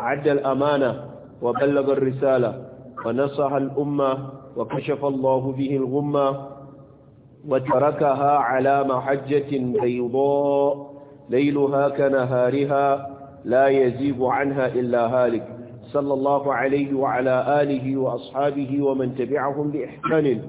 عد الأمانة وبلغ الرسالة ونصح الأمة وكشف الله به الغمة وتركها على محجة بيضاء ليلها كنهارها لا يزيب عنها إلا هالك صلى الله عليه وعلى آله وأصحابه ومن تبعهم بإحسان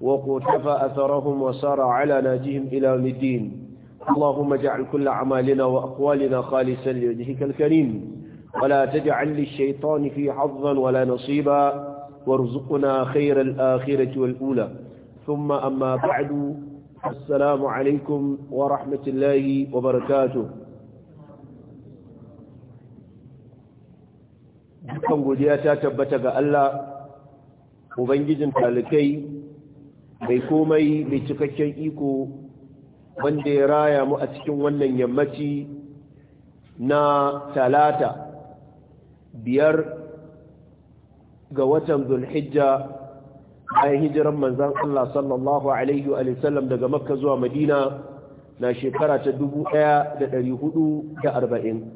وقتف أثرهم وسار على ناجهم إلى مدين اللهم اجعل كل أعمالنا وأقوالنا خالصا لوجهك الكريم ولا تجعل للشيطان في حظا ولا نصيبا وارزقنا خير الآخرة والأولى ثم أما بعد السلام عليكم ورحمة الله وبركاته dukkan godiya ta tabbata ga Allah ubangijin talikai mai komai mai cikakken iko wanda ya raya mu a cikin wannan yammaci na talata biyar ga watan zulhijja bayan hijiran manzan Allah sallallahu Alaihi wasallam daga makka zuwa madina na shekara ta arba'in,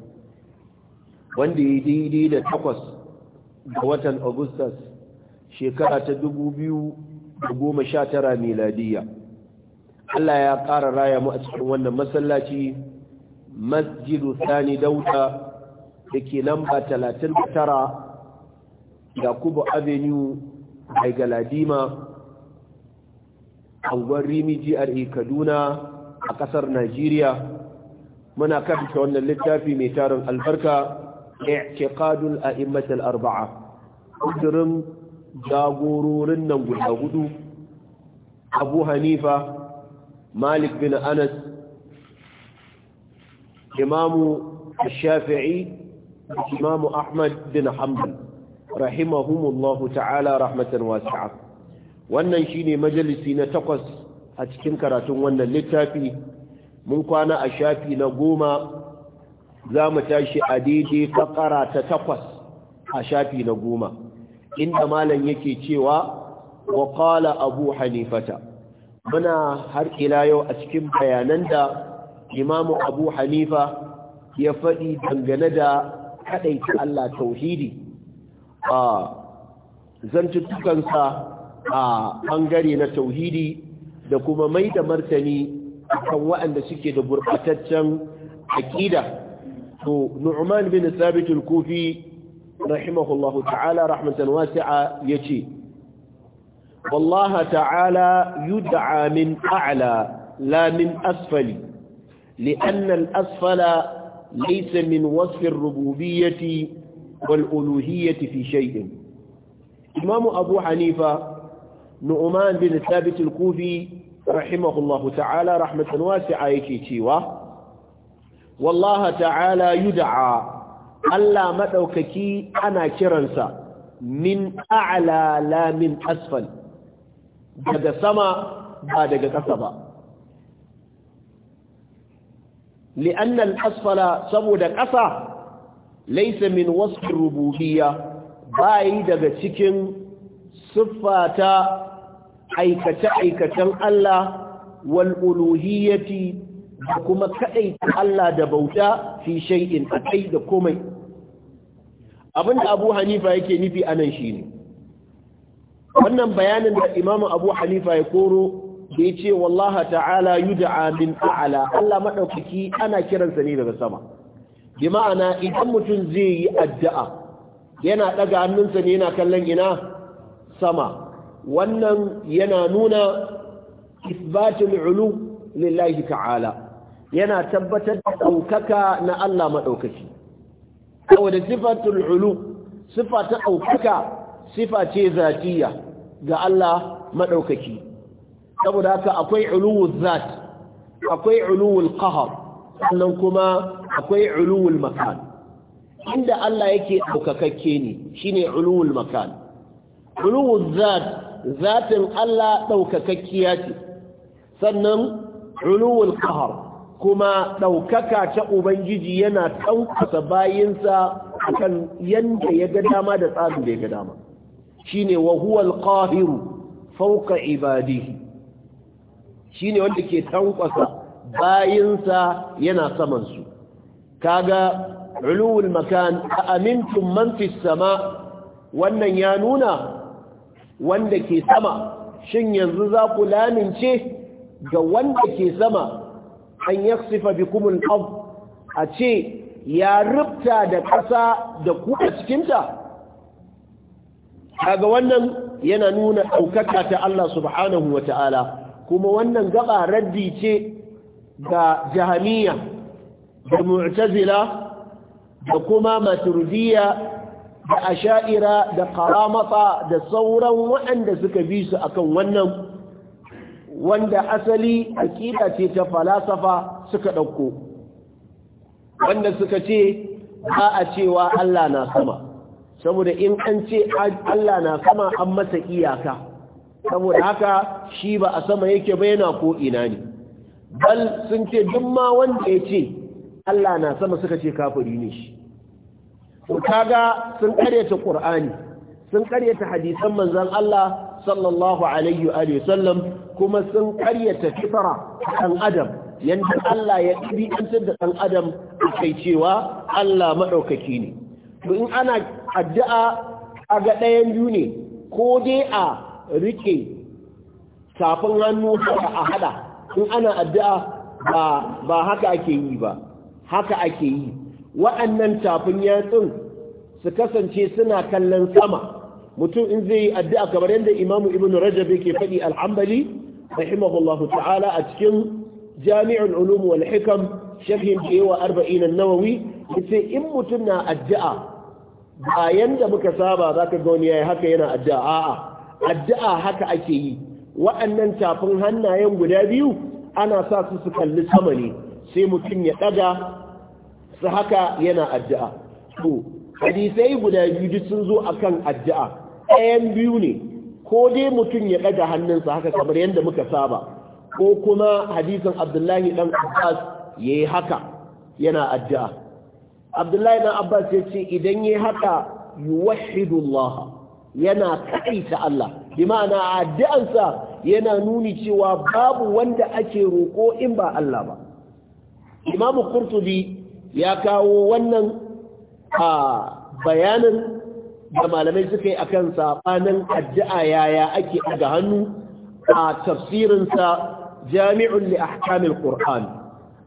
wanda ya daidai da takwas ga watan agustas shekara ta goma sha tara miladiyya Allah ya ƙara raya mu a cikin wannan masallaci masjidu sani dauta da ke lamba 39 yakubu avenue mai galadima a rimi gra e, kaduna a kasar najeriya muna karanta wannan littafi mai tarin albarka a a'immatul arba'a kudurin jagororin nan guda hudu abu hanifa malik bin anas imamu shafi'i Imam Ahmad bin Hanbal rahimahumullahu ta'ala rahmatan wasi'a wannan shine majalisi na takwas a cikin karatun wannan littafi mun kwana a shafi na goma za mu tashi a daidai fakara ta takwas a shafi na goma inda malam yake cewa wa qala abu hanifata muna har ila yau a cikin bayanan da imamu abu hanifa ya faɗi dangane da kaɗaita Allah tauhidi a zantuttukansa a ɓangare na tauhidi da kuma mai da martani kan waɗanda suke da gurɓataccen aƙida to nu'man bin thabit al-kufi rahimahullahu ta'ala rahmatan wasi'a yace wallahi ta'ala yud'a min a'la la min asfali لأن الأسفل laysa min wasfi ar-rububiyyati wal-uluhiyyati fi shay'in imam abu hanifa nu'man bin thabit al-kufi rahimahullahu ta'ala rahmatan wasi'a yake cewa wallaha ta'ala yud'a Allah madaukaki ana kiransa min a'la la min asfal daga sama ba daga ƙasa ba li'anna al-asfala saboda ƙasa laisamin wasu wasfi rububiyya bai daga cikin siffata aikace aikacen Allah wal uluhiyyati da kuma kadai Allah da bauta fi shay'in akai da komai abinda Abu Hanifa yake nufi anan shine wannan bayanin da Imam Abu Hanifa ya koro da ya ce wallaha ta'ala yud'a min a'la Allah maɗaukaki ana kiransa ne daga sama bi ma'ana idan mutum zai yi addu'a yana ɗaga hannunsa ne yana kallon ina sama wannan yana nuna isbatul ulu lillahi ta'ala yana tabbatar da aukaka na Allah maɗaukaki. saboda sifatul ulu sifa ta sifa ce zatiya ga Allah maɗaukaki. saboda haka akwai uluwul zat akwai uluwul qahar sannan kuma akwai uluwul makan inda Allah yake daukakakke ne shine uluwul makan uluwul zat zatin Allah daukakakkiya ce sannan uluwul qahar kuma ɗaukaka ta Ubangiji yana ɗaukasa bayinsa kan yadda ya ga dama da tsarin da ya ga dama shi ne wa huwal ƙahiru fauka ibadihi Shi ne wanda ke tankwasa bayinsa yana samansu. su kaga ulul makan a amintun manfis sama wannan ya nuna wanda ke sama shin yanzu za ku lamince ga wanda ke sama an bi kumul ard a ce ya rubta da ƙasa da kuka cikinta kaga wannan yana nuna ɗaukaka ta Allah subhanahu wa ta'ala kuma wannan gaba raddi ce ga jahamiya da mu'tazila da kuma maturidiyya da asha'ira da karamata da sauran waɗanda suka bi su akan wannan wanda asali aƙida ce ta falasafa suka ɗauko wanda suka ce ba a cewa Allah na sama saboda in an ce Allah na sama an masa iyaka saboda haka shi ba a sama yake ba yana ko ina ne bal sun ce duk ma wanda ya ce Allah na sama suka ce kafiri ne shi to kaga sun karyata Qur'ani sun karyata hadisan manzon Allah sallallahu alaihi wa sallam kuma sun karyata fitra dan adam yanda Allah ya ɗabi'antar da dan adam kai cewa Allah madaukaki ne to in ana addu'a a ga ɗayan biyu ko dai a rike tafin hannu a hada in ana addu'a ba ba haka ake yi ba haka ake yi wa'annan tafin yatsun su kasance suna kallon sama mutum in zai yi addu'a kamar yadda imamu ibn rajab yake faɗi alhambali rahimahullahu ta'ala a cikin jami'ul ulum wal hikam sharhin da arba'in an-nawawi yace in mutum na addu'a bayan da muka saba zaka ga wani yayi haka yana addu'a a'a addu'a haka ake yi Waɗannan tafin hannayen guda biyu ana sa su su kalli sama ne sai mutum ya ɗaga su haka yana addu'a to hadisai guda biyu sun zo akan addu'a ɗayan biyu ne ko dai mutum ya ɗaga hannunsa haka kamar yadda muka saba ko kuma hadisin abdullahi ɗan abbas ya yi haka yana addu'a abdullahi ɗan abbas ya ce idan ya haka yuwahidullah yana kaɗaita Allah bi ma'ana addu'ansa yana nuni cewa babu wanda ake roƙo in ba Allah ba imamu kurtubi ya kawo wannan a bayanin da malamai suka yi akan sabanin addu'a yaya ake ga hannu a tafsirinsa jami'un li ahkamil qur'an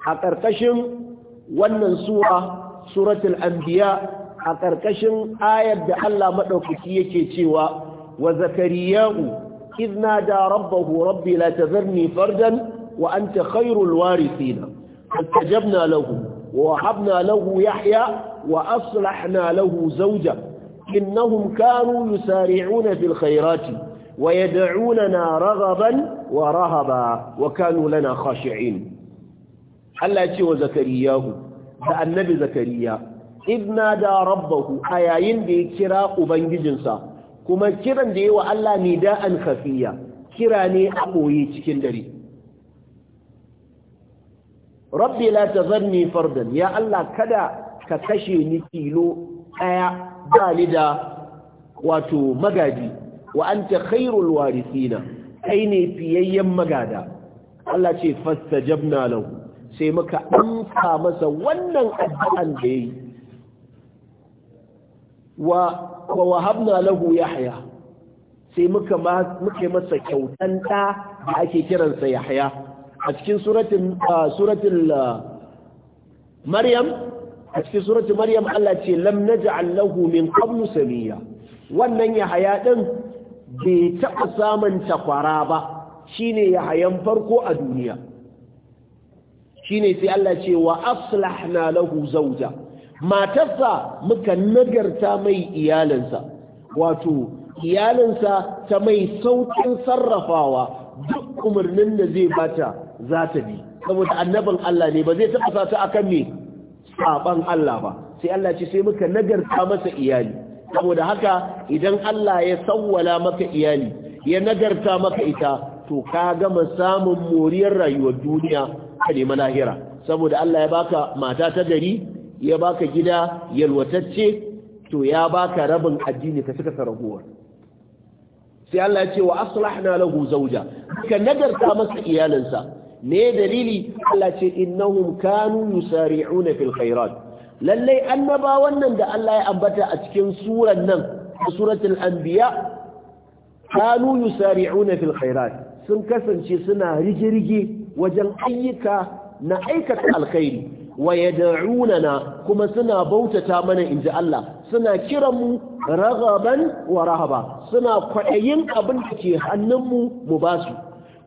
a ƙarƙashin wannan sura suratul anbiya a ƙarƙashin ayar da Allah maɗaukaki yake cewa wa zakariyahu izna da rabbahu rabbi la tazarni fardan wa anta khairul warithina fastajabna lahu wa wahabna lahu yahya wa aslahna lahu zawja innahum kanu yusari'una fil khairati wa yad'unana raghaban wa rahaba wa kanu lana khashi'in Allah ya ce wa zakariyahu da annabi zakariya idna da rabbahu a yayin da ya kira ubangijinsa kuma kiran da yawa Allah ne da an kafiya kira ne a ɓoye cikin dare rabbi la tazarni fardan ya Allah kada ka kashe ni tilo ɗaya ba ni da wato magadi wa anta khairul warithina kai ne fiyayyen magada Allah ce fastajabna lahu sai muka amsa masa wannan addu'an da yayi wa wahabna lahu yahaya sai muka muke masa kyautan da da ake kiransa yahya a cikin suratul maryam a cikin suratul maryam Allah ce lam naj'al lahu min qablu samiya wannan yahya din bai taɓa samun takwara ba shine yahayan farko a duniya shine sai Allah ce wa aslahna lahu zawja matarsa muka nagarta mai iyalinsa wato iyalinsa ta mai saukin sarrafawa duk umarnin da zai bata za ta bi saboda annabin Allah ne ba zai taɓa sa ta akan me saban Allah ba sai Allah ce sai muka nagarta masa iyali saboda haka idan Allah ya sawwala maka iyali ya nagarta maka ita to ka gama samun moriyar rayuwar duniya ka nema lahira saboda Allah ya baka mata ta gari ya baka gida yalwatacce to ya baka rabin addini ka suka saraguwar sai Allah ya ce wa aslahna lahu zawja ka nagarta masa iyalinsa ne dalili Allah ce innahum kanu yusari'una fil khairat lalle annaba wannan da Allah ya ambata a cikin suran nan suratul anbiya kanu yusari'una fil khairat sun kasance suna rige-rige wajen ayyuka na aikata alkhairi wa yad'unana kuma suna bautata mana inji Allah suna kiran mu ragaban wa rahaba suna kwaɗayin abin da ke hannunmu mu ba su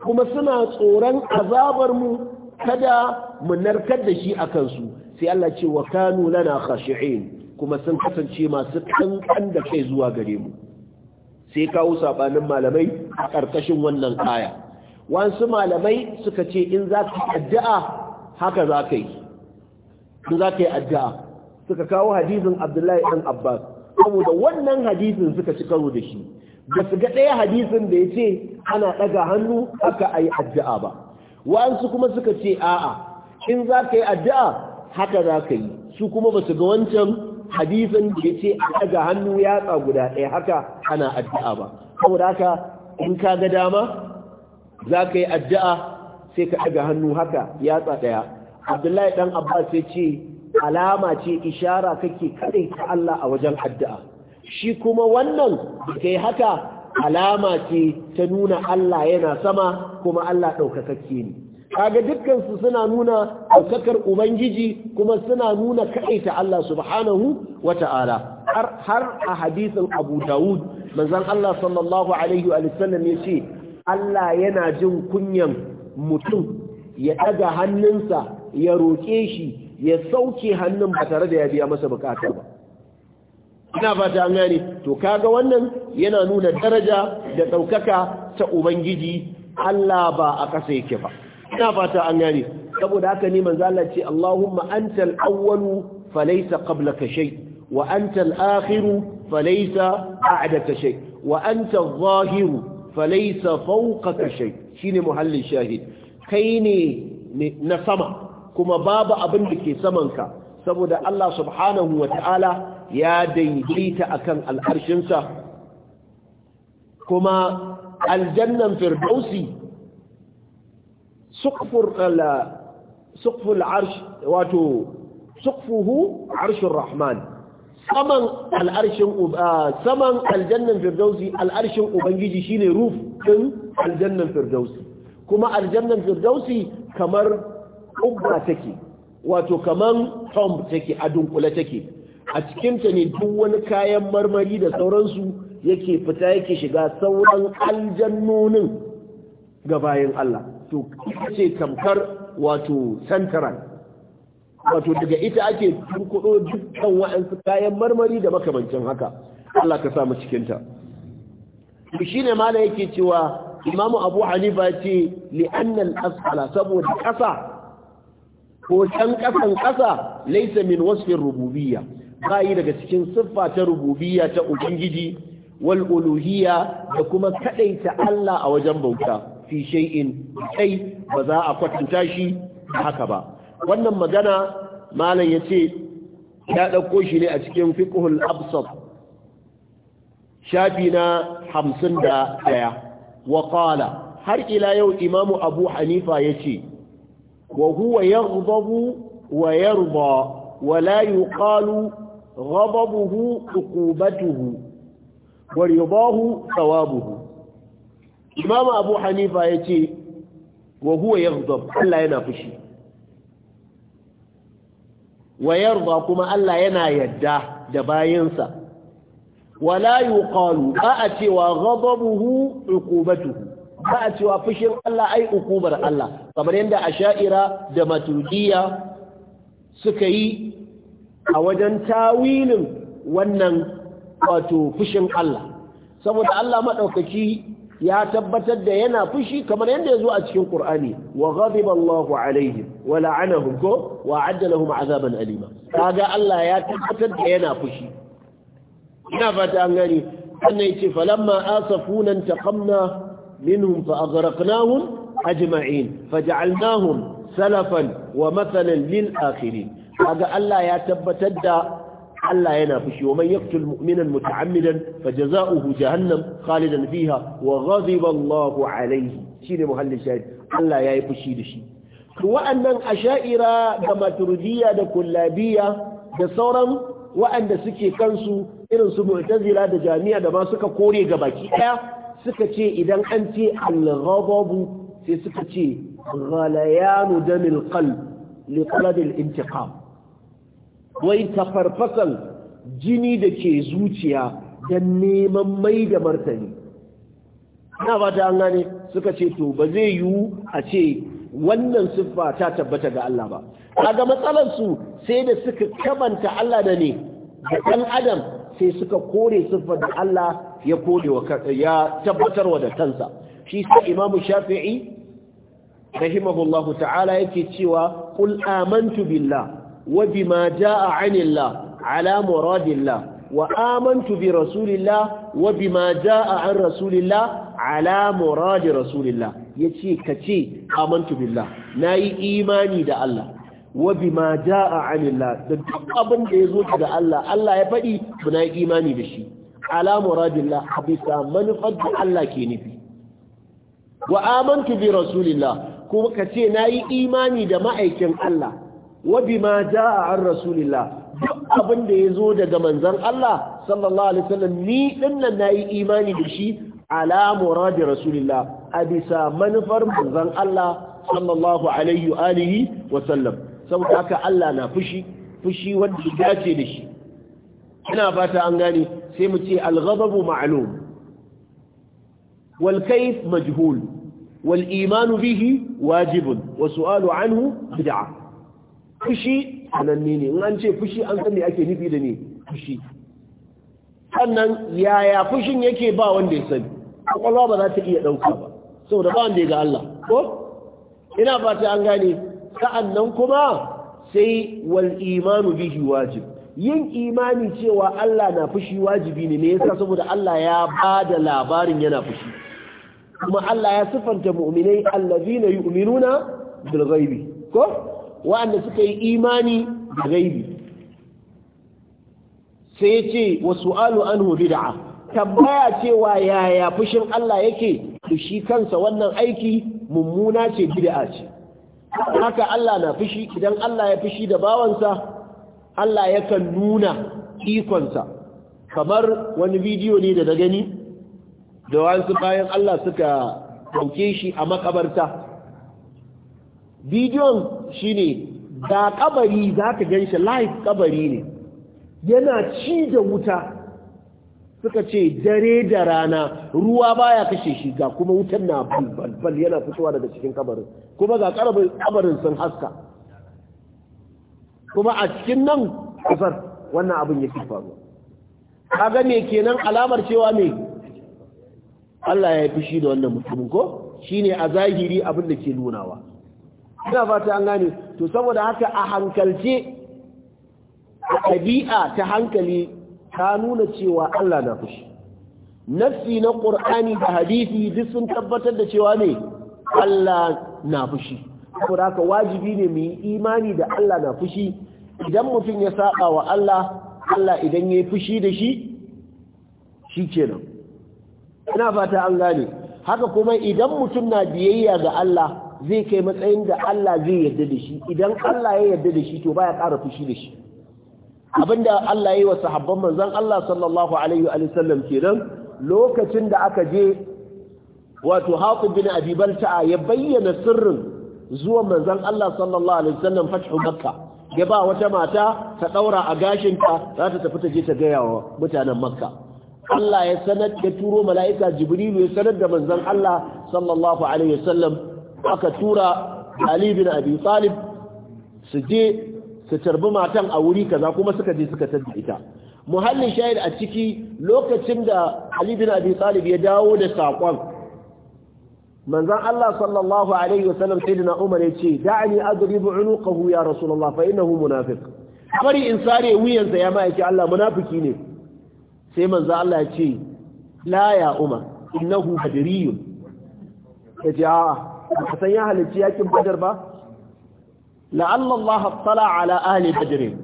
kuma suna tsoron azabar mu kada mu narkar da shi a kansu sai Allah ce wa kanu lana khashi'in kuma sun kasance masu kankan da kai zuwa gare mu sai kawo sabanin malamai a ƙarƙashin wannan aya wasu malamai suka ce in za ka addu'a haka za ka yi in za ka yi addu'a suka kawo hadisin abdullahi ɗan abbas saboda wannan hadisin suka ci karo da shi ba su ga ɗaya hadisin da ya ce ana ɗaga hannu haka a yi addu'a ba wa'ansu kuma suka ce a'a in za ka yi addu'a haka za ka yi su kuma ba su ga wancan hadisin da ya ce a ɗaga hannu yatsa guda ɗaya haka ana addu'a ba saboda haka in ka ga dama za ka yi addu'a sai ka ɗaga hannu haka yatsa ɗaya abdullahi dan abbas ya ce alama ce ishara kake kadai ta Allah a wajen addu'a shi kuma wannan kai haka alama ce ta nuna Allah yana sama kuma Allah daukakakke ne kaga dukkan su suna nuna daukakar ubangiji kuma suna nuna kadai ta Allah subhanahu wata'ala har har a hadisin Abu Dawud manzon Allah sallallahu alaihi wa sallam ya ce Allah yana jin kunyan mutum ya ɗaga hannunsa ya roƙe shi ya sauke hannun ba tare da ya biya masa bukata ba ina fata an gane to kaga wannan yana nuna daraja da ɗaukaka ta ubangiji Allah ba a ƙasa yake ba ina fata an gane saboda haka ne manzo Allah ce Allahumma antal awwalu falaysa qablaka shay wa antal akhiru falaysa ba'daka shay wa antal zahiru falaysa fawqaka shay shine muhallin shahid kai ne na sama kuma babu abin da ke samanka saboda Allah subhanahu wa ta'ala ya daidaita akan al'arshinsa kuma aljannan firdausi suqful arsh wato suqfuhu arshur rahman saman al'arshin uh, saman aljannan firdausi al'arshin ubangiji shine ruf din aljannan firdausi kuma aljannan firdausi kamar ƙubba take wato kaman tomb take a dunkule take a cikinta ne duk wani kayan marmari da sauransu yake fita yake shiga sauran aljannonin ga bayan Allah to ce tamkar wato santaran wato daga ita ake turkudo dukkan wa'ansu kayan marmari da makamancin haka Allah ka samu cikinta shi ne ma yake cewa imamu abu hanifa ce li'annan asala saboda ƙasa ko can ƙasan ƙasa laisa min wasfin rububiyya ba yi daga cikin siffa ta rububiyya ta ubangiji wal uluhiyya da kuma ta Allah a wajen bauta fi shay'in kai ba za a kwatanta shi haka ba wannan magana malam yace ya ɗauko shi ne a cikin fiqhul absat shafi na hamsin da wa qala har ila yau imamu abu hanifa yace وهو يغضب ويرضى ولا يقال غضبه عقوبته ورضاه ثوابه إمام أبو حنيفة يتي وهو يغضب ألا ينافشي ويرضى كما ألا ينايده دباينسا ولا يقال أأتي وغضبه عقوبته ba a cewa fushin Allah ai ukubar Allah kamar yadda asha'ira da matudiya suka yi a wajen tawilin wannan wato fushin Allah saboda Allah madaukaki ya tabbatar da yana fushi kamar yadda ya a cikin Qur'ani wa ghadiba Allahu alaihim wa la'anahum wa adda azaban alima kaga Allah ya tabbatar da yana fushi ina fata an gani sannan yace falamma asafuna taqamna منهم فأغرقناهم أجمعين فجعلناهم سلفا ومثلا للآخرين هذا ألا يتبتد ألا ينافش ومن يقتل مؤمنا متعمدا فجزاؤه جهنم خالدا فيها وغضب الله عليه شيني محل الشاهد ألا يفشي لشي وأنن أشائر كما تردية كلابية دصورا وأن سكي كنسو irin su mu'tazila da jami'a da ma suka kore gabaki daya suka ce idan an ce al-ghadabu sai suka ce ghalayanu damil qalb li qalb intiqam wai tafarfasan jini da ke zuciya dan neman mai da martani na ba ta gane suka ce to ba zai yiwu a ce wannan siffa ta tabbata ga Allah ba kaga matsalar su sai da suka kamanta Allah da ne da dan adam sai suka kore siffar da Allah ya kore wa ya tabbatarwa da kansa shi sa imamu shafi'i rahimahullahu ta'ala yake cewa qul amantu billah wa bima jaa 'anillah ala muradillah wa amantu bi rasulillah wa bima jaa 'an rasulillah ala murad rasulillah yace kace amantu billah nayi imani da Allah wa bima jaa 'anillah da duk abin da yazo daga Allah Allah ya fadi nayi imani da shi ala muradillah habisa manufar da Allah ke nufi wa amantu bi rasulillah kuma ka ce nayi imani da ma'aikin Allah wa bima jaa an rasulillah duk abin da yazo daga manzon Allah sallallahu alaihi wasallam ni dinnan nayi imani da shi ala muradi rasulillah abisa manufar manzon Allah sallallahu alaihi wa alihi wa sallam saboda haka Allah na fushi fushi wanda ya dace da shi ina fata an gane sai mu ce al-ghadabu ma'lum wal kayf majhul wal iman bihi wajib wa su'alu anhu bid'a fushi sananne ne in an ce fushi an san me ake nufi da ne fushi sannan yaya fushin yake ba wanda ya sani kwakwalwa ba za ta iya ɗauka ba saboda ba wanda ya ga Allah ko ina ta an gane sa'annan kuma sai wal imanu bihi wajib yin imani cewa Allah na fushi wajibi ne me yasa saboda Allah ya ba da labarin yana fushi kuma Allah ya sifanta mu'minai allazina yu'minuna bil ghaibi ko wanda suka yi imani da ghaibi sai yace wa su'alu anhu bid'a tambaya cewa yaya fushin Allah yake fushi shi kansa wannan aiki mummuna ce bid'a ce haka Allah na fushi idan Allah ya fushi da bawansa Allah yakan nuna ikonsa kamar wani bidiyo ne da na gani da wasu bayan Allah suka dauke shi a makabarta bidiyon shi ne da kabari za ka gan shi live kabari ne yana ci da wuta suka ce dare da rana ruwa baya kashe shi ga kuma wutan na balbalbal yana fitowa daga cikin kabarin kuma ga kabarin sun haska kuma a cikin nan kasar wannan abin ya fi faruwa kaga me kenan alamar cewa me Allah ya yi fushi da wannan mutumin ko ne a zahiri abin da ke nunawa ina fata an gane to saboda haka a hankalce ɗabi'a ta hankali ta nuna cewa Allah na fushi nafsi na ƙur'ani da hadisi duk sun tabbatar da cewa ne Allah na fushi saboda haka wajibi ne mu yi imani da Allah na fushi idan mutum ya saba wa Allah Allah idan yayi fushi da shi shikenan ina fata an gane haka kuma idan mutum na biyayya ga Allah zai kai matsayin da Allah zai yarda da shi idan Allah ya yarda da shi to baya ƙara fushi da shi abinda Allah yi wa sahabban manzon Allah sallallahu alaihi wa sallam kenan lokacin da aka je wato Hatib bin Abi Balta'a ya bayyana sirrin zuwan manzon Allah sallallahu alaihi wasallam fathu makka ya ba wata mata ta daura a gashinta za ta tafi ta je ta gaya wa mutanen makka Allah ya sanar da turo mala'ika jibrilu ya sanar da manzon Allah sallallahu alaihi wasallam aka tura Ali bin Abi Talib su je su tarbi matan a wuri kaza kuma suka je suka tada ita muhallin shahid a ciki lokacin da Ali bin Abi Talib ya dawo da saƙon. manzan Allah sallallahu alaihi wasallam sayyidina Umar yace da'ani adribu unuqahu ya rasulullah fa innahu munafiq bari in sare wuyansa ya ma Allah munafiki ne sai manzan Allah yace la ya Umar innahu badriyun yace a san ya halici yakin badar ba la'alla Allah tala ala ahli badr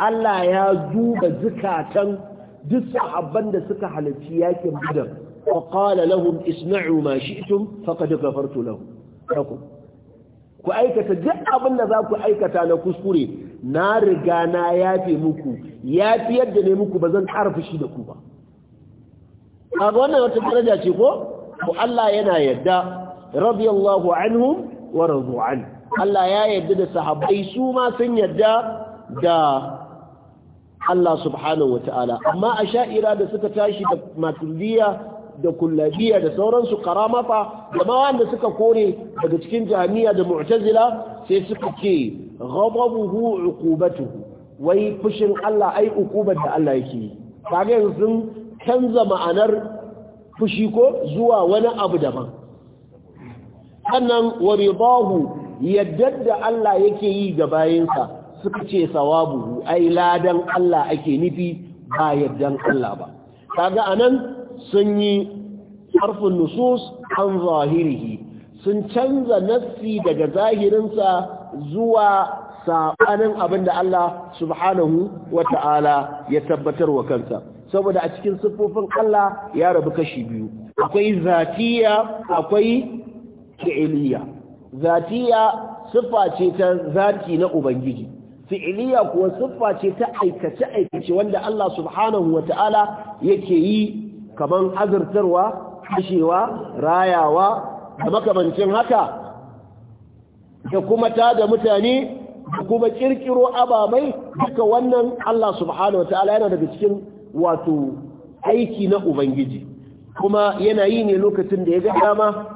Allah ya duba zukatan duk sahabban da suka halici yakin badar وقال لهم اسمعوا ما شئتم فقد غفرت لهم لكم ku aikata duk abin da za ku aikata na kuskure na riga na yafe muku yafi yadda ne muku ba zan ƙara fushi da ku ba a wannan wata daraja ce ko to Allah yana yadda radiyallahu anhum wa radu an Allah ya yadda da sahabbai su ma sun yadda da Allah subhanahu wataala amma asha'ira da suka tashi da maturidiya da kullabiya da sauransu karamafa da ma wanda suka kore daga cikin jami'a da mu'tazila sai suka ce ghadabuhu uqubatuhu wai fushin Allah ai uqubar da Allah yake yi kaga yanzu canza ma'anar fushi ko zuwa wani abu daban sannan bahu yadda da Allah yake yi ga bayinsa suka ce sawabuhu ai ladan Allah ake nufi ba yaddan Allah ba kaga anan sun yi harfin nusus an zahirihi sun canza nassi daga zahirinsa zuwa saɓanin abin da Allah subhanahu wa ta'ala ya tabbatar wa kansa saboda a cikin siffofin Allah ya rabu kashi biyu akwai zatiya akwai fi'iliya zatiya siffa ce ta zati na ubangiji fi'iliya kuwa siffa ce ta aikace aikace wanda Allah subhanahu wa ta'ala yake yi kaman azurtarwa kashewa rayawa da makamancin haka da kuma ta da mutane da kuma kirkiro ababai duka wannan Allah subhanahu wa ta'ala yana daga cikin wato aiki na ubangiji kuma yana yi ne lokacin da ya ga dama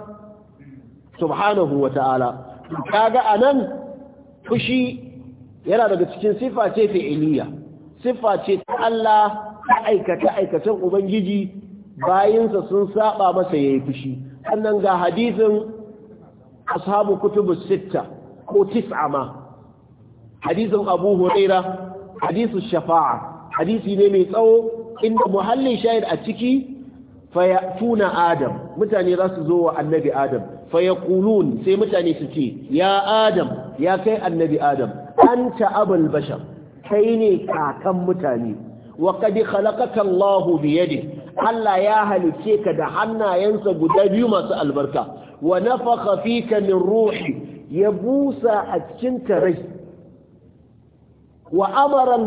subhanahu wa ta'ala kaga anan fushi yana daga cikin sifa ce fi'iliya sifa ce ta Allah ta aikata aikatan ubangiji bayinsa sun saba masa ya yi fushi sannan ga hadisin ashabu kutubu sitta ko tis'a ma hadisin abu huraira hadisin shafa'a hadisi ne mai tsawo inda muhallin shayar a ciki fayafuna adam mutane za su zo wa annabi adam fayaqulun sai mutane su ce ya adam ya kai annabi adam anta abul bashar kai ne kakan mutane wa qad khalaqaka Allahu bi Allah ya halice ka da hannayensa guda biyu masu albarka wa nafakha fika min ruhi ya busa a cikin rai wa amara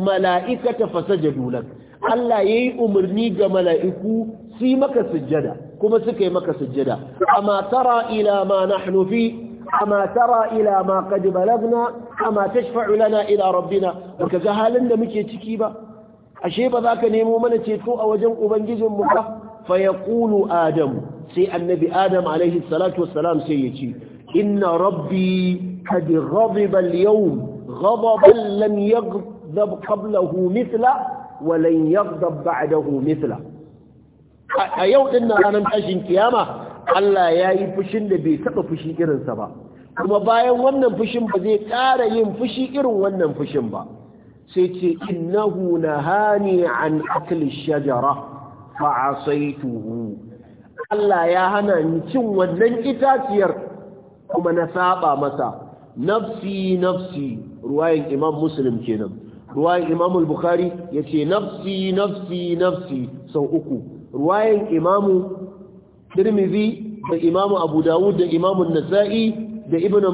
malaikata fasajadu lak Allah yayi umarni ga mala'iku su maka sujjada kuma suka yi maka sujjada amma tara ila ma nahnu fi أما ترى إلى ما قد بلغنا أما تشفع لنا إلى ربنا وكذا da muke ciki ba. ashe ba za ka nemo mana ceto a wajen ubangijinmu ba fa ƙulu adam sai annabi adam alaihi salatu wassalam sai ya ce inna rabbi kad ghadiba al yau ghadaban lam yaghdab qablahu mithla wa lan yaghdab ba'dahu mithla a yau din na ranar tashin kiyama Allah ya yi fushin da bai taɓa fushi irinsa ba kuma bayan wannan fushin ba zai ƙara yin fushi irin wannan fushin ba sai ce innahu hani an akli shajara fa tuhu.' Allah ya hana ni cin wannan itaciyar kuma na saba masa nafsi nafsi ruwayin imam muslim kenan Ruwayin imam al-bukhari yace nafsi nafsi nafsi sau uku Ruwayin imam tirmidhi da imam abu dawud da imam an-nasa'i da ibnu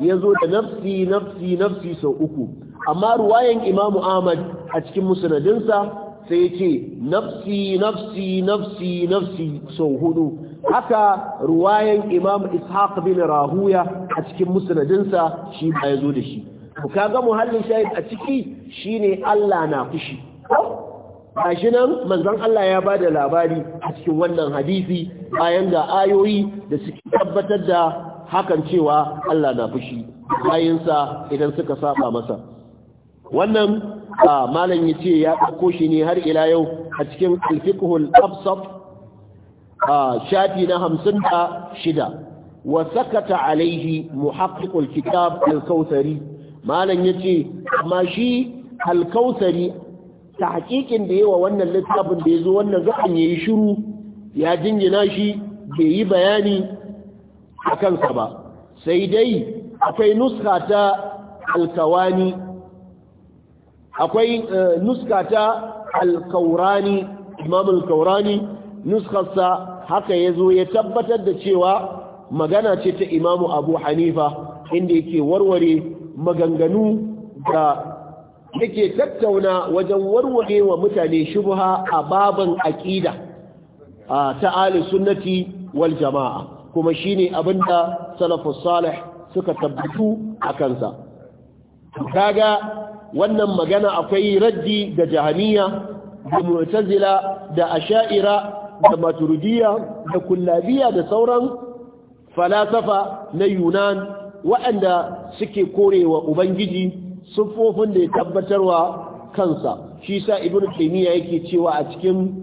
ya zo da nafsi nafsi nafsi sau uku amma ruwayan imamu ahmad a cikin musnadinsa sai ya ce nafsi nafsi nafsi nafsi sau hudu haka ruwayan imamu ishaq bin rahuya a cikin musnadinsa shi ba ya zo da shi kaga muhallin shayid a ciki shine Allah na fushi gashi nan manzon Allah ya ba da labari a cikin wannan hadisi bayan ga ayoyi da suke tabbatar da hakan cewa Allah na fushi bayansa idan suka saba masa wannan malam ya ce ya ɗauko shi ne har ila yau a cikin alfiqhul a shafi na hamsin da shida wa sakata alaihi muhaqqiqul kitab al-kautsari malam ya ce amma shi al-kautsari ta hakikin da yawa wannan littafin da ya zo wannan za'an ya yi shiru ya jingina shi bai yi bayani a kansa ba sai dai akwai nuskata ta alkawani akwai eh, nuska ta alkaurani imam alkaurani nuskarsa haka ya zo ya tabbatar da cewa magana ce ta imamu abu hanifa inda yake warware maganganu da yake tattauna wajen warware wa mutane shubha a baban aƙida ta ahli sunnati wal jama'a kuma shine abinda salafus salih suka tabbatu a kansa kaga wannan magana akwai raddi da jahaniya da mu'tazila da asha'ira da maturidiyya da kullabiya da sauran falasafa na yunan waɗanda suke korewa ubangiji siffofin da ya tabbatarwa kansa shi sa ibnu taymiya yake cewa a cikin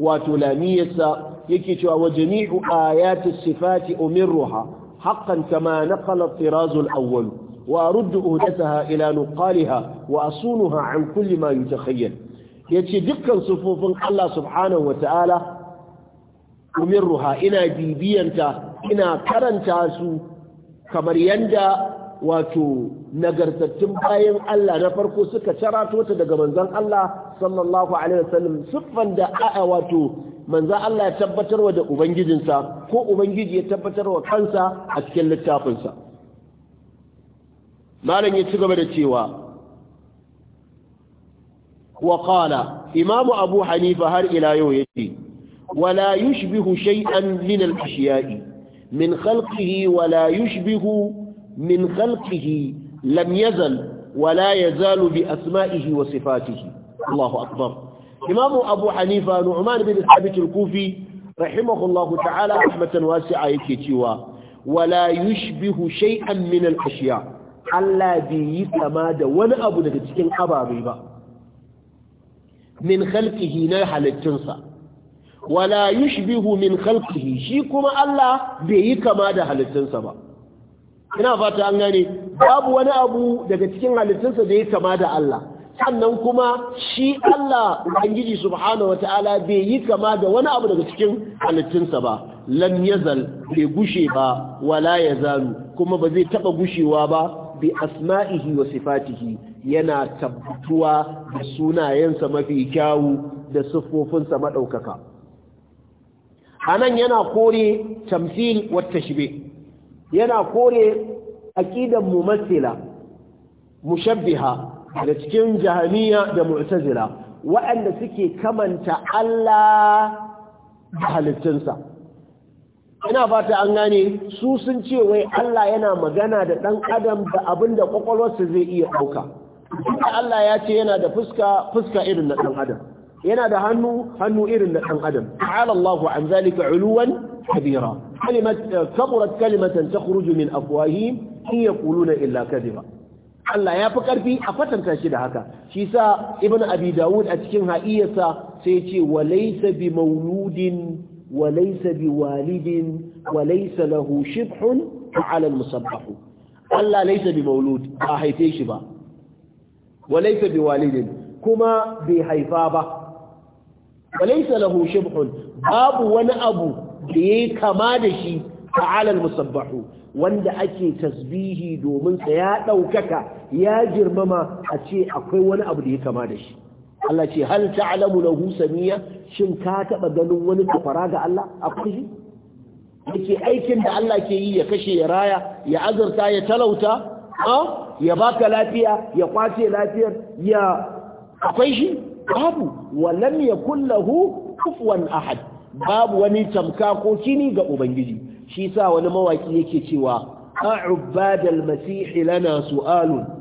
wato lamiyarsa yake cewa wa jami'u ayati sifati umirruha haqqan kama naqala tirazul awwal وأرد أهدتها إلى نقالها وأصونها عن كل ما يتخيل يتي دكا صفوف الله سبحانه وتعالى أمرها إنا بيبينتا إنا كرنتاسو كمريندا wato nagartattun bayan Allah na farko suka carato ta daga manzon Allah sallallahu alaihi wasallam siffan da a'a wato manzon Allah ya tabbatarwa da ubangijinsa ko ubangiji ya tabbatarwa kansa a cikin littafinsa malam ya ci gaba da cewa wa qala imamu abu hanifa har ila yau yace wala yushbihu shai'an min al-ashiya'i min khalqihi wala yushbihu min khalqihi lam yazal wala yazalu bi asma'ihi wa sifatihi Allahu abu hanifa nu'man bin thabit kufi rahimahu Allahu ta'ala rahmatan wasi'a yake cewa wala yushbihu shai'an min al Allah bai yi kama da wani abu daga cikin ababe ba min khalqihi na halittunsa wala yushbihu min khalqihi shi kuma Allah bai yi kama da halittunsa ba ina fata an gane babu wani abu daga cikin halittunsa da ya kama da Allah sannan kuma shi Allah ubangiji subhanahu ta'ala bai yi kama da wani abu daga cikin halittunsa ba lam yazal bai gushe ba wala ya yazalu kuma ba zai taɓa gushewa ba bi asma'ihi wa sifatihi yana tabbatuwa da sunayensa mafi kyawu da siffofinsa madaukaka anan yana kore tamthil wa tashbih yana kore aqidan mumassila mushabbiha da cikin jahamiya da mu'tazila waɗanda suke kamanta Allah da halittunsa ina fata an gane su sun ce wai Allah yana magana da ɗan adam da abin da kwakwalwarsa zai iya ɗauka Allah ya ce yana da fuska fuska irin na ɗan adam yana da hannu hannu irin na ɗan adam ta'ala Allahu an zalika uluwan kabira kalimat eh, kaburat kalimatan takhruju min afwahihim in yaquluna illa kadhiba Allah ya fi karfi a fatanta shi da haka shi sa ibn abi a cikin ha'iyarsa sai ya ce wa laysa bi mauludin وليس بوالد وليس له شبح على المصبح Allah laisa bi maulud ba haife shi ba wa bi walidin kuma bai haifa ba wa lahu shibhun babu wani abu da yayi kama da shi ta'ala musabbahu wanda ake tasbihi domin sa ya ɗaukaka ya girmama a ce akwai wani abu da ya kama dashi. Allah ce hal ta'lamu lahu samia shin ka taba ganin wani kafara ga Allah akwai shi yake aikin da Allah ke yi ya kashe ya raya ya azurta ya talauta ya baka lafiya ya kwace lafiyar ya akwai shi babu walam yakul lahu kufuwan ahad babu wani tamka ko kini ga ubangiji shi sa wani mawaki yake cewa a'ubadal masih lana su'alun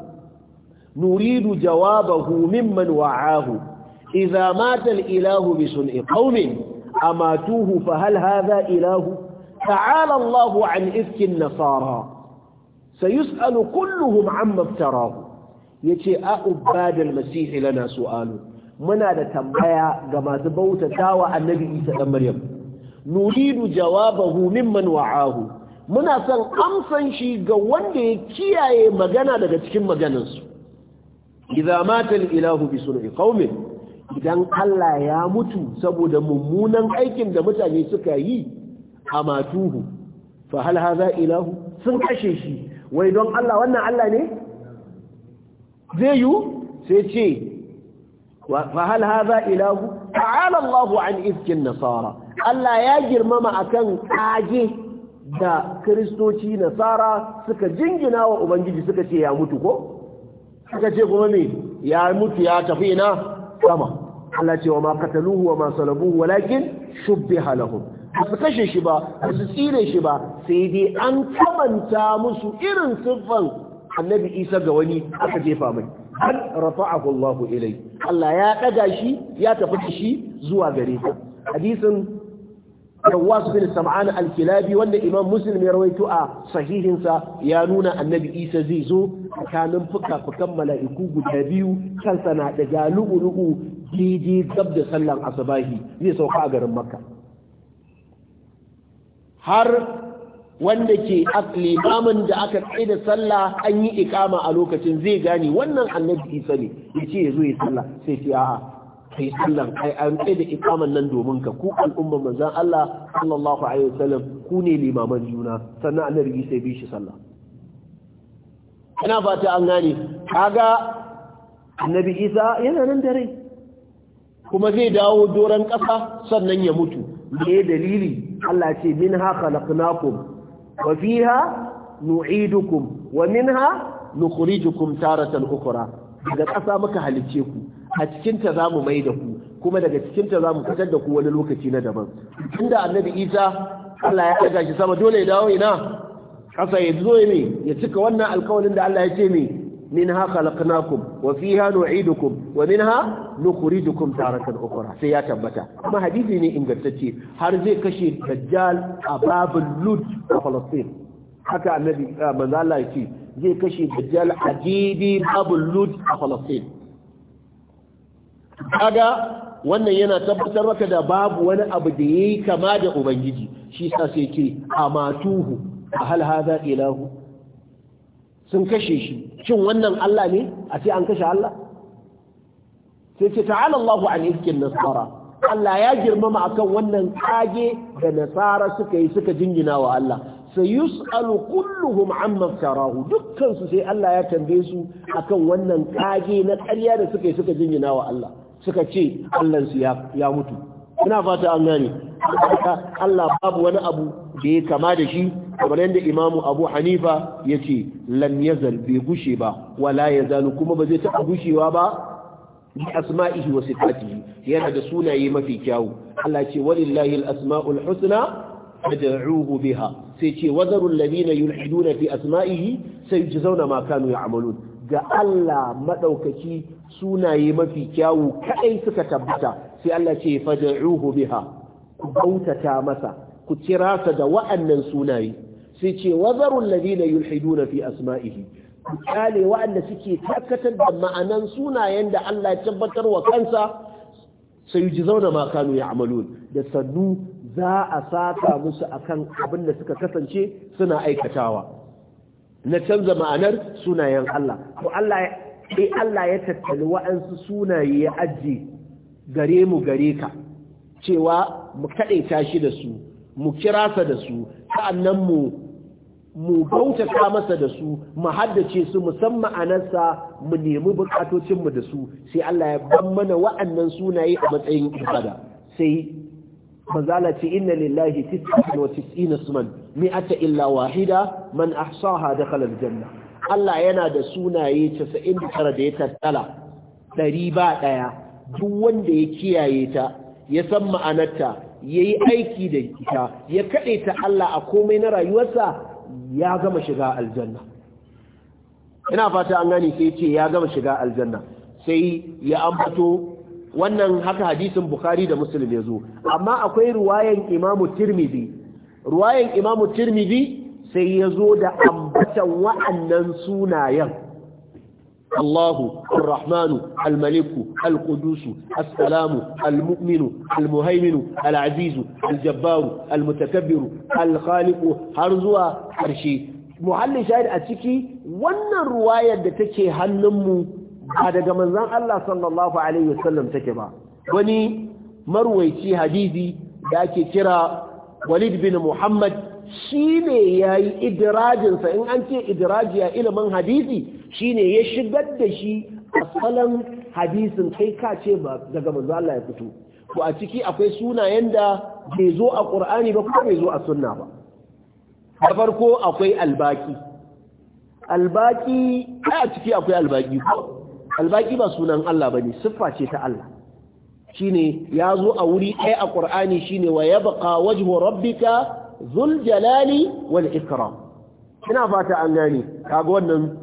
nuridu jawabahu mimman wa'ahu idza mata al-ilahu bi sun'i qaumin amatuhu fa hal hadha ilahu ta'ala Allahu an ifki an-nasara sayus'alu kulluhum amma iftarahu yace a ubad al-masih lana su'alu muna da tambaya ga masu bautatawa annabi Isa dan Maryam nuridu jawabahu mimman wa'ahu muna son amsan shi ga wanda ya kiyaye magana daga cikin maganarsu idza mata al-ilahu bi sun'i qaumi idan Allah ya mutu saboda mummunan aikin da mutane suka yi amatuhu fa hal hadha ilahu sun kashe shi wai don Allah wannan Allah ne zai yu sai ce fa hal hadha ilahu ta'ala Allahu an iskin nasara Allah ya girmama akan kaje da kristoci nasara suka jingina wa ubangiji suka ce ya mutu ko aka ce kuma me ya mutu ya tafi ina sama Allah ce wa ma kataluhu wa ma salabuhu walakin shubbiha lahum ba kashe shi ba ba su tsire shi ba sai dai an kamanta musu irin siffan annabi isa ga wani aka jefa mai an rafa'ahu Allah ilai Allah ya daga shi ya tafi shi zuwa gare ka hadisin Yawwas bin Sam'an al-Kilabi wanda Imam Muslim ya rawaito a sahihinsa ya nuna Annabi Isa zai zo tsakanin fuka-fukan mala'iku guda biyu kansa na daga lu'u-lu'u daidai gab da sallan asabahi zai sauka a garin Makka. Har wanda ke limamin da aka tsaye da sallah an yi ikama a lokacin zai gane wannan Annabi Isa ne ya ce ya zo ya sallah sai ce a'a ka yi sallan ai an kai da ikaman nan domin ka ku al'umman manzan Allah sallallahu alaihi wasallam ku ne limaman juna sannan annabi sai bi shi sallah ina fata an gane kaga annabi Isa yana nan dare. kuma zai dawo doron ƙasa sannan ya mutu me dalili Allah ce minha khalaqnakum wa fiha nu'idukum wa minha nukhrijukum taratan ukhra daga ƙasa muka halice ku a cikinta za mu mai da ku kuma daga cikinta za mu fitar da ku wani lokaci na daban inda annabi isa Allah ya ɗaga shi sama dole ya dawo ina ƙasa ya zo ne ya cika wannan alkawarin da Allah ya ce mi min ha khalaqnakum wa fiha nu'idukum wa minha nukhrijukum taratan ukhra sai ya tabbata kuma hadisi ne ingantacce har zai kashe dajjal a babul lud a Palestine haka annabi eh, manzo Allah ya ce zai kashe dajjal a babul lud a Palestine kaga wannan yana tabbatar maka da babu wani abu da yayi kama da ubangiji shi sa sai ke amatuhu hal hadha ilahu sun kashe shi shin wannan Allah ne a ce an kashe Allah sai ce ta'ala Allahu an iskin nasara Allah ya girmama akan wannan kage da nasara suka yi suka jingina wa Allah yusalu kulluhum amma tarahu dukkan su sai Allah ya tambaye su akan wannan kage na ƙarya da suka yi suka jingina wa Allah suka ce allansu ya mutu ina fata an gane Allah babu wani abu da ya kama da shi kamar yadda imamu abu hanifa ya ce lam yazal bai gushe ba wala ya zalu kuma ba zai taɓa gushewa ba bi asma'ihi wa sifatihi yana da sunaye mafi kyawu Allah ce walillahi al-asma'ul husna fad'uhu biha sai ce na ladina yulhiduna fi asma'ihi zauna ma kanu ya'malun ga Allah maɗaukaki sunaye mafi kyawu kaɗai suka tabbata sai Allah ce fad'uhu biha ku bautata masa ku kira sa da wa'annan sunaye sai ce wazarul ladina yulhiduna fi asma'ihi ku kale wa'anda suke takatar da ma'anan sunayen da Allah ya tabbatar wa kansa sai yuji zauna ma kanu ya'malun da sannu za a saka musu akan abin da suka kasance suna aikatawa na canza ma'anar sunayen Allah ko Allah Allah ya tattali wa'ansu sunaye ya ajiye gare mu gare ka cewa mu kaɗaita shi da su mu kira sa da su sa'annan mu mu bautata masa da su mu haddace su mu musamman sa mu nemi bukatocinmu da su sai Allah ya ban mana wa'annan sunaye a matsayin ibada sai manzala ce inna lillahi tis'atan wa tis'ina sunan mi'ata illa wahida man ahsaha dakhala aljanna Allah yana da sunaye 99 da ya tattala ɗari ba ɗaya duk wanda ya kiyaye ta ya san ma'anarta ya yi aiki da ita ya kaɗe ta Allah a komai na rayuwarsa ya gama shiga aljanna ina fata an gani sai ce ya gama shiga aljanna sai ya ambato wannan haka hadisin bukhari da muslim ya zo amma akwai ruwayan imamu tirmidhi ruwayan imamu tirmidhi sai ya zo da ambatan wa'annan sunayen Allahu Ar-Rahmanu Al-Maliku Al-Qudusu As-Salamu Al-Mu'minu Al-Muhaiminu Al-Azizu Al-Jabbaru Al-Mutakabbiru Al-Khaliqu har zuwa ƙarshe muhallin shayar a ciki wannan ruwayar da take hannunmu ba daga manzon Allah sallallahu alaihi wasallam take ba wani marwaici hadisi da ake kira Walid bin Muhammad shine yayi yi idirajinsa in an ce idiraji a ilimin hadisi shine ya shigar da shi asalan hadisin kai ka ce ba daga manzan Allah ya fito to a ciki akwai sunayen da bai zo a ƙur'ani ba kuma bai zo a sunna ba da farko akwai albaki albaki ai a ciki akwai albaki ko albaki ba sunan Allah bane siffa ce ta Allah shine ya zo a wuri ɗaya a ƙur'ani shine wa yabqa wajhu rabbika dhul jalali wal ikram ina fata an gane kaga wannan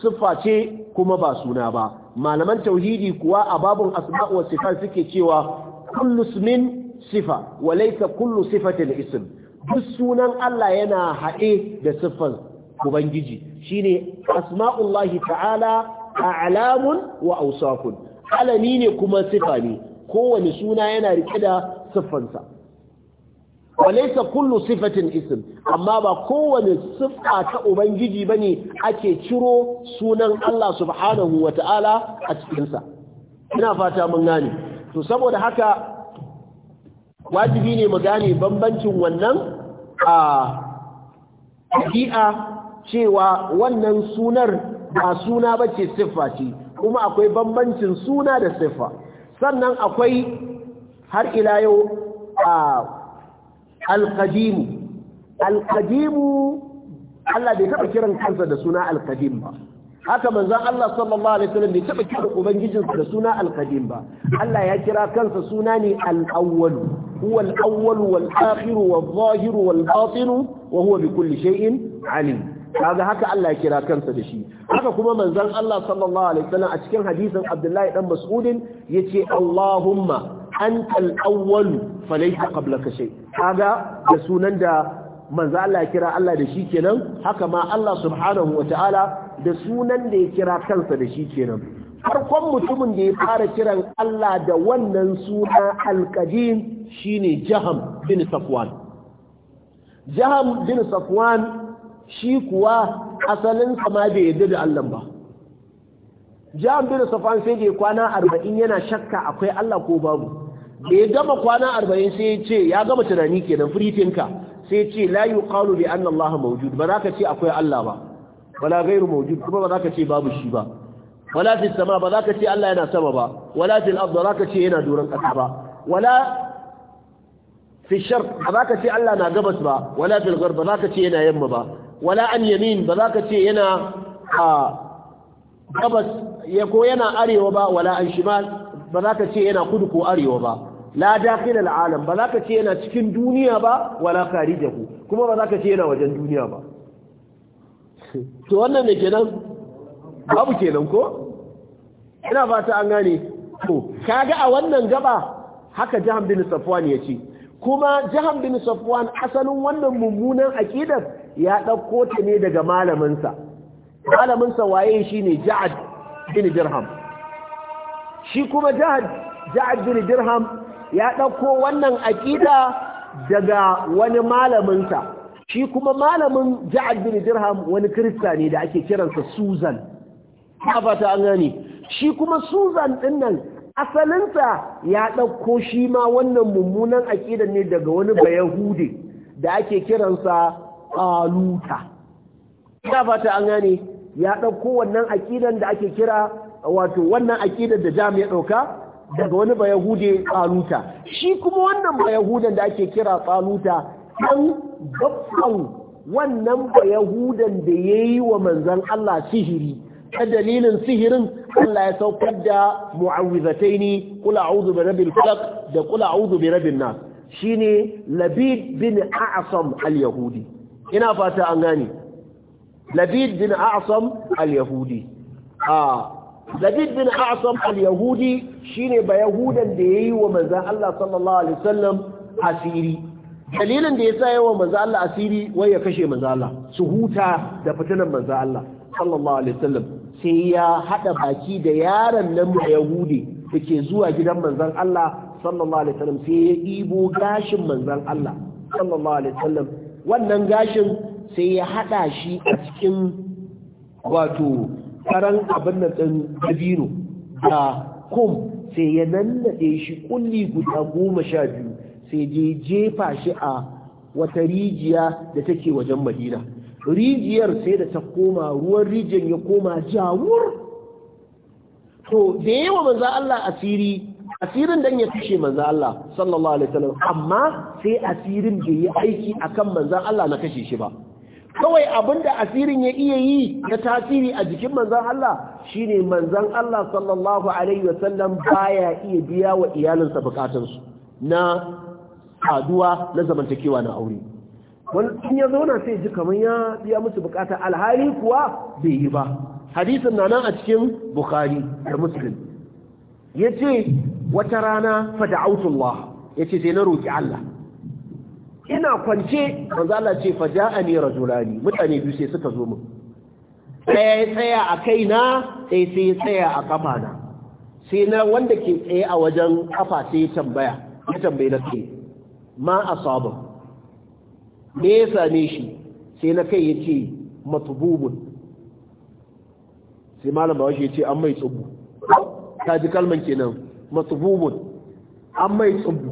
siffa ce kuma ba suna ba malaman tauhidi kuwa a babun Asma'u wa sifat suke cewa kullu ismin sifa wa laysa kullu sifatin ism duk sunan Allah yana haɗe da siffar ubangiji shine asma'ullahi ta'ala a'lamun wa awsafun alami ne kuma sifa ne kowane suna yana rike da siffansa walaysa kullu sifatin ism amma ba kowane siffa ta ubangiji bane ake ciro sunan Allah subhanahu wata'ala a cikin sa ina fata mun gane to saboda haka wajibi ne mu gane bambancin wannan a cewa wannan sunar ba suna ba ce siffa ce kuma akwai bambancin suna da siffa sannan akwai har ila yau a alƙadimu alƙadimu Allah bai taɓa kiran kansa da suna alƙadim ba haka manzan Allah sallallahu alaihi wasallam bai taɓa kiran ubangijinsa da suna alƙadim ba Allah ya kira kansa suna ne al-awwal هو wal والآخر والظاهر huwa وهو بكل شيء عليم kaga haka Allah ya kira kansa da shi haka kuma manzon Allah sallallahu alaihi wasallam a cikin hadisin Abdullahi dan Mas'udin yace Allahumma antal awwal falaysa qablaka shay kaga da sunan da manzon Allah ya kira Allah da shi kenan haka ma Allah subhanahu wataala da sunan da ya kira kansa da shi kenan farkon mutumin da ya fara kiran Allah da wannan suna alqadim shine Jaham bin Safwan Jaham bin Safwan shi kuwa asalin ma bai yadda da Allah ba jihar bin safan sai da kwana arba'in yana shakka akwai Allah ko babu da ya gama kwana arba'in sai ya ce ya gama tunani kenan firitinka sai ce la yuqalu bi anna Allah mawjud ba za ka ce akwai Allah ba wala gairu mawjud kuma ba za ka ce babu shi ba wala fis sama ba za ka ce Allah yana sama ba wala fil ard ba za ka ce yana doron kasa ba wala fi shar ba za ka ce Allah na gabas ba wala fil gharb ba za ka ce yana yamma ba wala an yamin ba za ka ce yana a gabas ya ko yana arewa ba wala an shimal ba za ka ce yana kudu ko arewa ba la dakhil al'alam ba za ka ce yana cikin duniya ba wala kharijahu kuma ba za ka ce yana wajen duniya ba to wannan ne kenan babu kenan ko ina fata an gane to kaga a wannan gaba haka jahan bin safwan ya ce kuma jahan bin safwan asalin wannan mummunan aqidar ya ɗauko ta ne daga malaminsa malaminsa waye shi ne ja'ad bin dirham shi kuma ja'ad bin dirham ya ɗauko wannan aƙida daga wani malaminsa shi kuma malamin ja'ad bin dirham wani kirista ne da ake kiransa susan ta fata an gani shi kuma susan dinnan asalinsa ya ɗauko shi ma wannan mummunan aƙida ne daga wani bayahudi da ake kiransa taluta ina fata an gane ya ɗauko wannan aƙidan da ake kira wato wannan aƙidan da jami ya ɗauka daga wani Bayahude yahude shi kuma wannan Bayahudan da ake kira taluta ɗan babban wannan Bayahudan yahudan da ya yi wa manzan Allah sihiri ta dalilin sihirin Allah ya saukar da mu'awwizatai ne kula Audu bi rabin falaq da kula a'udhu bi rabbin nas shine labid bin a'sam al-yahudi ina fata an gani labid bin a'sam al-yahudi ah labid bin a'sam al-yahudi shine ba yahudan da yayi wa manzon Allah sallallahu alaihi wasallam asiri dalilin da yasa yayi wa manzon Allah asiri wai ya kashe manzon Allah su huta da fitinan manzon Allah sallallahu alaihi wasallam sai ya hada baki da yaron nan da yahudi dake zuwa gidan manzon Allah sallallahu alaihi wasallam sai ya ibo gashin manzon Allah sallallahu alaihi wasallam wannan gashin sai ya hada shi a cikin wato karan abin da ɗin dabino da kum sai ya nannaɗe shi kulli guda goma sha biyu sai je jefa shi a wata rijiya da take wajen madina rijiyar sai da ta koma ruwan rijiyar ya koma jawur to da yawa manzo Allah asiri asirin dan ya kashe manzo Allah sallallahu alaihi wasallam amma sai asirin bai yi aiki akan manzo Allah na kashe shi ba kawai abinda asirin ya iya yi na tasiri a jikin manzo Allah shine manzo Allah sallallahu alaihi wasallam baya iya biya wa iyalinsa su na aduwa na zamantakewa na aure wani ya zauna sai ji kamar ya biya musu bukata alhali kuwa bai yi ba hadisin na nan a cikin bukhari da muslim yace wata rana fada'autu Allah yace sai na roki Allah ina kwance manzo Allah a faja'ani rajulani mutane biyu sai suka zo min ɗaya tsaya a kaina sai sai tsaya a kafana sai na wanda ke tsaye a wajen kafa sai ya tambaya ya tambaye na ce ma sabon. me ya same shi sai na kai yace matububun sai malam ya ce an mai tsubu ta ji kalman kenan matsubumun an mai tsubbu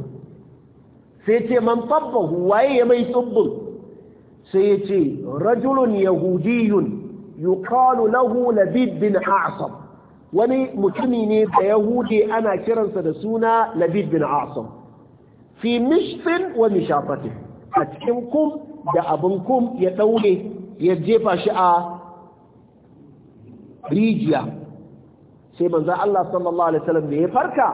sai ce man tabbahu waye ya mai tsubbun sai ya ce rajulun yahudiyun yuqalu lahu labid bin asam wani mutumi ne da yahudi ana kiransa da suna labid bin asam fi mishfin wa mishafatin a cikin kum da abin kum ya daure ya jefa shi a rijiya sai manzan Allah sallallahu alaihi wasallam da ya farka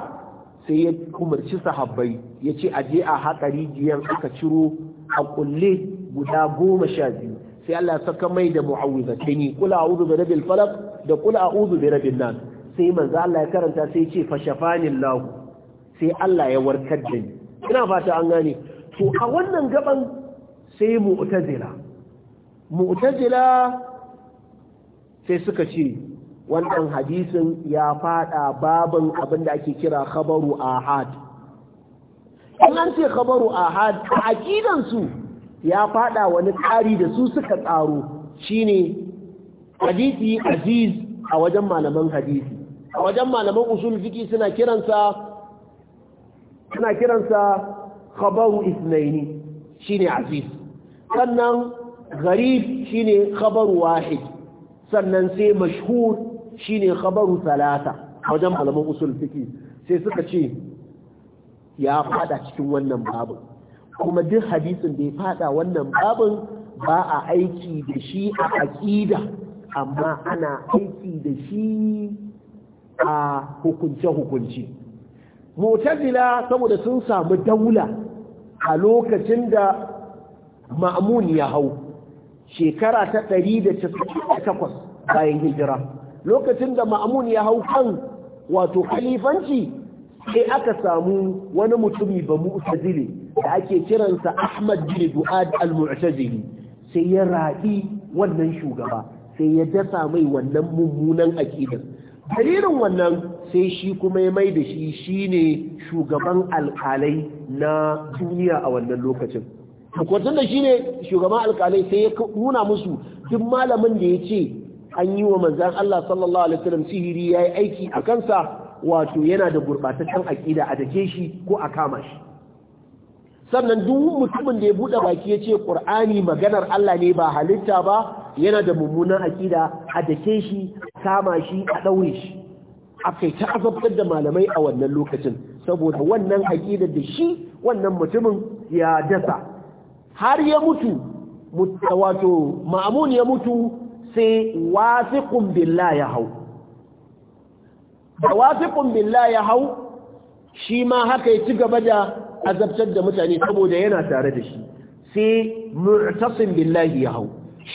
sai ya umarci sahabbai ya ce a je a haƙari rijiyar aka ciro a kulle guda goma sha biyu sai Allah ya saka mai da mu'awwizataini kula a'udhu bi rabbil da kula a'udhu bi rabbin nan. sai manzan Allah ya karanta sai ya ce fashafanillahu sai Allah ya warkar da ni ina fata an gane to a wannan gaban sai mu'tazila mu'tazila sai suka ce wannan hadisin ya fada babin abin da ake kira khabaru ahad in an ce khabaru ahad a aqidan su ya fada wani tsari da su suka tsaro shine hadisi aziz a wajen malaman hadisi a wajen malaman usul fiqi suna kiransa suna kiransa khabaru isnaini shine aziz sannan gharib shine Khabaru wahid sannan sai mashhur ne khabaru salasa wajen malaman usul fiki sai suka ce ya fada cikin wannan babin kuma duk hadisin da ya fada wannan babin ba a aiki da shi a aƙida, amma ana aiki da shi a hukunce-hukunce mutazila saboda sun samu daula a lokacin da ma'amun ya hau shekara ta 198 bayan hijira lokacin da ma'amun ya hau kan wato khalifanci sai aka samu wani mutumi ba mu'tazili da ake kiransa Ahmad bin Du'ad al-Mu'tazili sai ya raɗi wannan shugaba sai ya dasa mai wannan mummunan aqidar dalilin wannan sai shi kuma ya mai da shi shine shugaban alƙalai na duniya a wannan lokacin kwatan da shine shugaban alƙalai sai ya nuna musu duk malamin da ya ce an yi wa manzan Allah sallallahu alaihi wasallam sihiri aiki a kansa wato yana da gurɓataccen akida a dake shi ko a kama shi sannan duk mutumin da ya buɗe baki yace Ƙur'ani maganar Allah ne ba halitta ba yana da mummunan aƙida a dake shi kama shi a ɗaure shi kai ta azabtar da malamai a wannan lokacin saboda wannan akidar da shi wannan mutumin ya dasa har ya mutu wato ma'amun ya mutu sai wasiqun billa ya hau da wasiqun billa ya hau shi ma haka ya ci gaba da azabtar da mutane saboda yana tare da shi sai mu'tasim billahi ya hau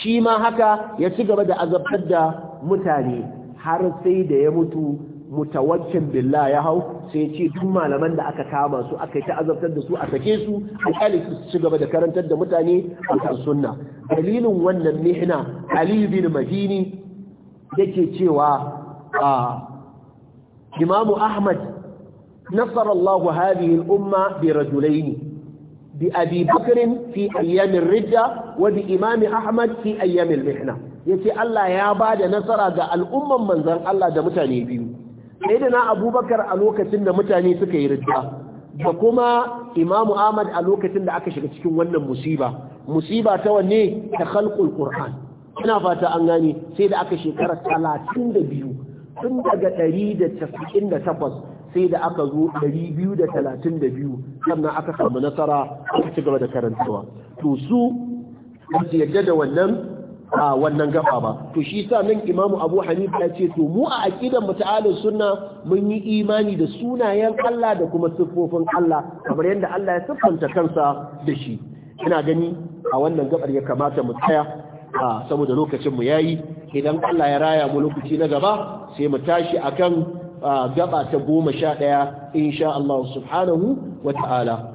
shi ma haka ya ci gaba da azabtar da mutane har sai da ya mutu mutawakkin billah ya hau sai ya ce duk malaman da aka kama su aka ta azabtar da su a sake su alƙali su ci gaba da karantar da mutane a kan sunna dalilin wannan mihna ali bin madini yake cewa a imamu ahmad nasara Allah hadhihi al-umma bi rajulaini bi abi bakr fi ayyam ar-ridda wa bi imam ahmad fi ayyam al-mihna yace Allah ya ba da nasara ga al'umman manzon Allah da mutane biyu sayyidina abubakar a lokacin da mutane suka yi ridda da kuma imamu ahmad a lokacin da aka shiga cikin wannan musiba musiba ta wanne ta khalqul qur'an ina fata an gane sai da aka shekara 32 tun daga 198 sai da aka zo 232 sannan aka samu nasara aka cigaba da karantawa to su su yadda da wannan a wannan gaba ba to shi sa nan imamu abu hanifa ya ce to mu a aqidan mu ta'ala sunna mun yi imani da sunayen Allah da kuma siffofin Allah kamar yadda Allah ya siffanta kansa da shi ina gani a wannan gabar ya kamata mu tsaya a saboda lokacin mu yayi idan Allah ya raya mu lokaci na gaba sai mu tashi akan gaba ta goma sha ɗaya insha Allah subhanahu wa ta'ala